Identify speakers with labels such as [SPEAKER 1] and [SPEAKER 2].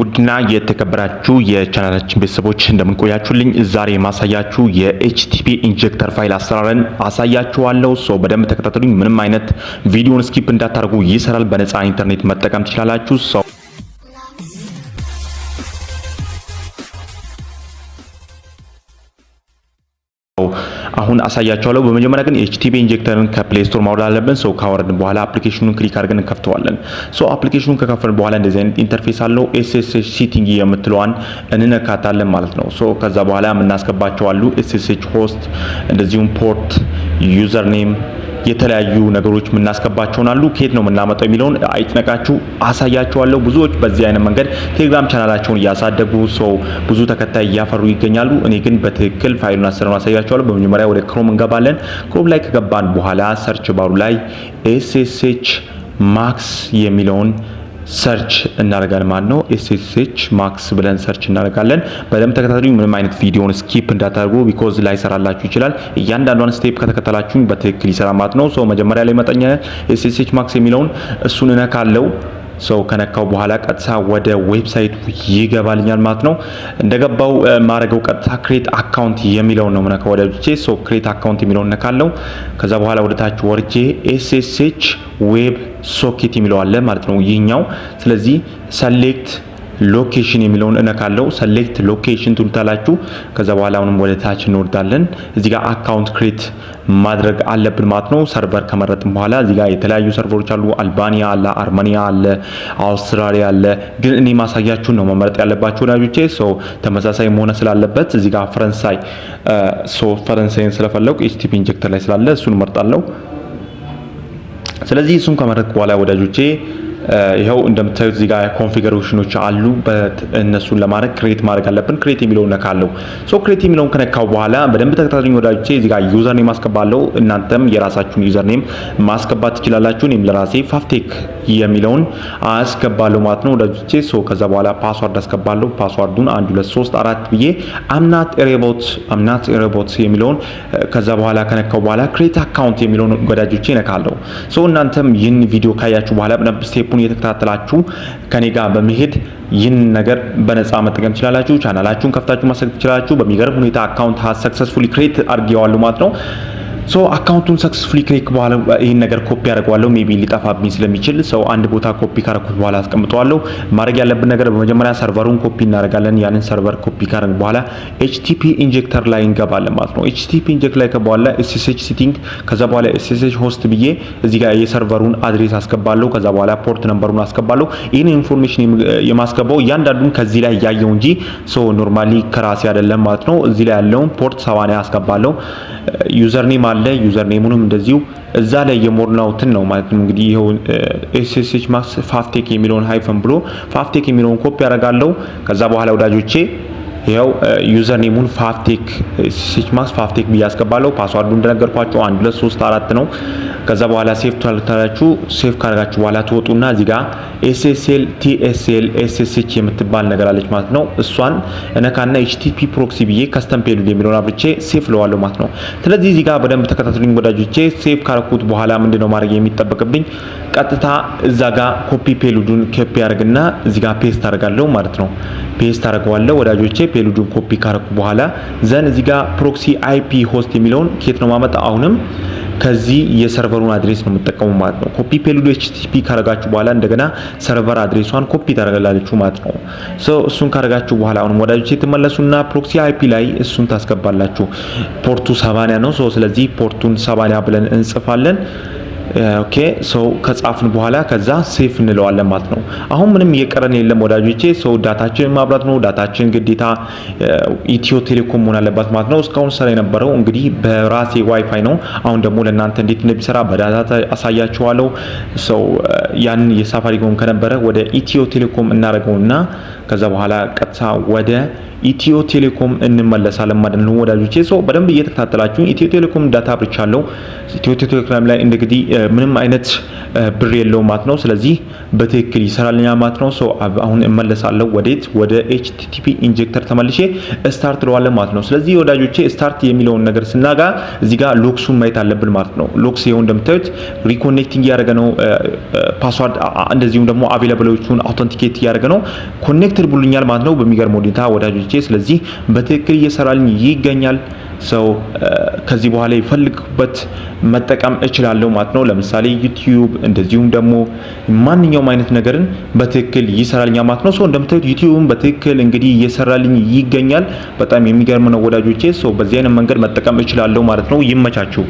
[SPEAKER 1] ውድና የተከበራችሁ የቻናላችን ቤተሰቦች እንደምንቆያችሁልኝ፣ ዛሬ ማሳያችሁ የኤችቲፒ ኢንጀክተር ፋይል አሰራርን አሳያችኋለሁ። ሰው በደንብ ተከታተሉኝ። ምንም አይነት ቪዲዮን ስኪፕ እንዳታደርጉ፣ ይሰራል። በነፃ ኢንተርኔት መጠቀም ትችላላችሁ። ሰው አሁን አሳያቸዋለሁ። በመጀመሪያ ግን ኤችቲቢ ኢንጀክተርን ከፕሌይ ስቶር ማውረድ አለብን። ሰው ካወረድን በኋላ አፕሊኬሽኑን ክሊክ አድርገን እንከፍተዋለን። ሶ አፕሊኬሽኑን ከከፈን በኋላ እንደዚህ አይነት ኢንተርፌስ አለው። ኤስኤስኤች ሲቲንግ የምትለዋን እንነካታለን ማለት ነው። ሶ ከዛ በኋላ የምናስገባቸው አሉ ኤስኤስኤች ሆስት፣ እንደዚሁም ፖርት፣ ዩዘር ኔም የተለያዩ ነገሮች የምናስገባቸውን አሉ። ከየት ነው የምናመጣው የሚለውን አይጥነቃችሁ አሳያችኋለሁ። ብዙዎች በዚህ አይነት መንገድ ቴሌግራም ቻናላቸውን እያሳደጉ ሰው ብዙ ተከታይ እያፈሩ ይገኛሉ። እኔ ግን በትክክል ፋይሉን አሰራውን አሳያችኋለሁ። በመጀመሪያ ወደ ክሮም እንገባለን። ክሮም ላይ ከገባን በኋላ ሰርች ባሩ ላይ ኤስኤስኤች ማክስ የሚለውን ሰርች እናደርጋለን ማለት ነው። ኤስኤስኤች ማክስ ብለን ሰርች እናደርጋለን። በደንብ ተከታተሉ። ምንም አይነት ቪዲዮን ስኪፕ እንዳታደርጉ፣ ቢኮዝ ሰራላችሁ ይችላል። እያንዳንዷን ስቴፕ ከተከተላችሁኝ በትክክል ይሰራ ማለት ነው። መጀመሪያ ላይ መጠኛ ኤስኤስኤች ማክስ የሚለውን እሱን እነካለው ሰው ከነካው በኋላ ቀጥታ ወደ ዌብሳይቱ ይገባልኛል ማለት ነው። እንደገባው ማድረገው ቀጥታ ክሬት አካውንት የሚለውን ነው ወደ ወዳጆቼ። ሶ ክሬት አካውንት የሚለውን ነካለው። ከዛ በኋላ ታች ወርጄ ኤስኤስኤች ዌብ ሶኬት የሚለው አለ ማለት ነው ይህኛው። ስለዚህ ሰሌክት ሎኬሽን የሚለውን እነካለው። ሰሌክት ሎኬሽን ትሉታላችሁ። ከዛ በኋላ አሁንም ወደ ታች እንወርዳለን። እዚህ ጋር አካውንት ክሬት ማድረግ አለብን ማለት ነው። ሰርቨር ከመረጥን በኋላ እዚህ ጋር የተለያዩ ሰርቨሮች አሉ። አልባኒያ አለ፣ አርሜኒያ አለ፣ አውስትራሊያ አለ። ግን እኔ ማሳያችሁን ነው መመረጥ ያለባችሁ ወዳጆቼ። ሰው ተመሳሳይ መሆነ ስላለበት እዚህ ጋር ፈረንሳይ ሶ ፈረንሳይን ስለፈለጉ ኤችቲፒ ኢንጀክተር ላይ ስላለ እሱን መርጣለሁ። ስለዚህ እሱን ከመረጥኩ በኋላ ወዳጆቼ ይኸው እንደምታዩት እዚህ ጋር ኮንፊገሬሽኖች አሉ። እነሱን ለማድረግ ክሬት ማድረግ አለብን። ክሬት የሚለው ነካለው። ሶ ክሬት የሚለውን ከነካው በኋላ በደንብ ተከታተሉኝ ወዳጆቼ። እዚህ ጋር ዩዘር ኔም እናንተም የራሳችሁን ዩዘር ኔም ማስገባት ትችላላችሁ። እኔም ለራሴ ፋፍቴክ የሚለውን አስገባለው ማለት ነው ወዳጆቼ። ሶ ከዛ በኋላ ፓስዋርድ አስገባለው። ፓስዋርዱን 1 2 3 4 ብዬ አምናት ሮቦት አምናት ሮቦት የሚለውን ከዛ በኋላ ከነካው በኋላ ክሬት አካውንት የሚለውን ወዳጆቼ ነካለው። ሶ እናንተም ይህን ቪዲዮ ካያችሁ በኋላ በደንብ ስቴፑን እየተከታተላችሁ ከኔ ጋር በመሄድ ይህን ነገር በነፃ መጠቀም ትችላላችሁ። ቻናላችሁን ከፍታችሁ ማሰግ ትችላላችሁ። በሚገርም ሁኔታ አካውንት ሰክሰስፉሊ ክሬት አድርጌዋለሁ ማለት ነው። ሶ አካውንቱን ሰክሰስፉሊ ክሊክ በኋላ ይህን ነገር ኮፒ አደርገዋለሁ። ሜቢ ሊጠፋብኝ ስለሚችል ሰው አንድ ቦታ ኮፒ ካረኩት በኋላ አስቀምጠዋለሁ። ማድረግ ያለብን ነገር በመጀመሪያ ሰርቨሩን ኮፒ እናደርጋለን። ያንን ሰርቨር ኮፒ ካረግ በኋላ ኤችቲፒ ኢንጀክተር ላይ እንገባለን ማለት ነው። ኤችቲፒ ኢንጀክተር ላይ ከበኋላ ኤስኤስኤች ሲቲንግ ከዛ በኋላ ኤስኤስኤች ሆስት ብዬ እዚህ ጋር የሰርቨሩን አድሬስ አስገባለሁ። ከዛ በኋላ ፖርት ነምበሩን አስገባለሁ። ይህን ኢንፎርሜሽን የማስገባው እያንዳንዱን ከዚህ ላይ ያየው እንጂ ሰው ኖርማሊ ከራሴ አይደለም ማለት ነው። እዚህ ላይ ያለውን ፖርት አስቀባለሁ አስገባለሁ ዩዘርኔም አለ። ዩዘር ኔሙንም እንደዚሁ እዛ ላይ የሞላሁትን ነው ማለት ነው። እንግዲህ ይሄው ኤስኤስኤች ማክስ ፋፍቴክ የሚለውን ሃይፈን ብሎ ፋፍቴክ የሚለውን ኮፒ ያደርጋለሁ። ከዛ በኋላ ወዳጆቼ ይኸው ዩዘር ኔሙን ፋፍቴክ ሲችማክስ ፋፍቴክ ብዬ አስገባለሁ። ፓስዋርዱ እንደነገርኳችሁ አንድ ሁለት ሶስት አራት ነው። ከዛ በኋላ ሴፍ ታላችሁ። ሴፍ ካረጋችሁ በኋላ ትወጡና እዚህ ጋር ኤስኤስኤል ቲኤስኤል ኤስኤስኤች የምትባል ነገር አለች ማለት ነው። እሷን እነካና ኤችቲፒ ፕሮክሲ ብዬ ከስተም ፔሉድ የሚለውን አብርቼ ሴፍ ለዋለሁ ማለት ነው። ስለዚህ እዚህ ጋር በደንብ ተከታተሉኝ ወዳጆቼ። ሴፍ ካረኩት በኋላ ምንድነው ማድረግ የሚጠበቅብኝ? ቀጥታ እዛ ጋ ኮፒ ፔሉዱን ኬፕ ያደርግና እዚህ ጋ ፔስት አደርጋለሁ ማለት ነው። ፔስት አደርገዋለሁ ወዳጆቼ። ፔሉዱን ኮፒ ካረኩ በኋላ ዘን እዚህ ጋ ፕሮክሲ አይፒ ሆስት የሚለውን ኬት ነው ማመጣ አሁንም ከዚህ የሰርቨሩን አድሬስ ነው የምጠቀሙ ማለት ነው። ኮፒ ፔሉዱ ኤችቲቲፒ ካረጋችሁ በኋላ እንደገና ሰርቨር አድሬሷን ኮፒ ታደርጋላችሁ ማለት ነው። ሶ እሱን ካረጋችሁ በኋላ አሁንም ወዳጆች የተመለሱና ፕሮክሲ አይፒ ላይ እሱን ታስገባላችሁ። ፖርቱ ሰባንያ ነው። ሶ ስለዚህ ፖርቱን ሰባንያ ብለን እንጽፋለን። ኦኬ ሶ ከጻፍን በኋላ ከዛ ሴፍ እንለዋለን ማለት ነው። አሁን ምንም እየቀረን የለም ወዳጆቼ። ሶ ዳታችን ማብራት ነው። ዳታችን ግዴታ ኢትዮ ቴሌኮም መሆን አለባት ማለት ነው። እስካሁን ስራ የነበረው እንግዲህ በራሴ ዋይፋይ ነው። አሁን ደግሞ ለእናንተ እንዴት እንደሚሰራ በዳታ አሳያችኋለሁ። ሶ ያን የሳፋሪኮም ከነበረ ወደ ኢትዮ ቴሌኮም እናደርገውና ከዛ በኋላ ቀጥታ ወደ ኢትዮ ቴሌኮም እንመለሳለን ማለት ነው ወዳጆቼ። ሶ በደንብ እየተከታተላችሁ ኢትዮ ቴሌኮም ዳታ ብቻ አለው ኢትዮ ቴሌኮም ላይ እንግዲህ ምንም አይነት ብር የለው ማለት ነው። ስለዚህ በትክክል ይሰራልኛ ማለት ነው። ሶ አሁን እመለሳለሁ ወዴት ወደ ኤችቲቲፒ ኢንጀክተር ተመልሼ ስታርት ለዋለ ማለት ነው። ስለዚህ ወዳጆቼ ስታርት የሚለውን ነገር ስናጋ እዚህ ጋር ሎክሱን ማየት አለብን ማለት ነው። ሎክስ ይኸው እንደምታዩት ሪኮኔክቲንግ እያደረገ ነው። ፓስዋርድ እንደዚሁም ደግሞ አቬላብሎቹን አውተንቲኬት እያደረገ ነው። ኮኔክትድ ብሉኛል ማለት ነው በሚገርም ሁኔታ ወዳጆቼ። ስለዚህ በትክክል እየሰራልኝ ይገኛል። ሰው ከዚህ በኋላ ይፈልግበት መጠቀም እችላለሁ ማለት ነው። ነው። ለምሳሌ ዩቲዩብ እንደዚሁም ደግሞ ማንኛውም አይነት ነገርን በትክክል ይሰራልኛ ማለት ነው። ሶ እንደምታዩት ዩቲዩብን በትክክል እንግዲህ እየሰራልኝ ይገኛል። በጣም የሚገርም ነው ወዳጆቼ። ሶ በዚህ አይነት መንገድ መጠቀም እችላለሁ ማለት ነው። ይመቻችሁ።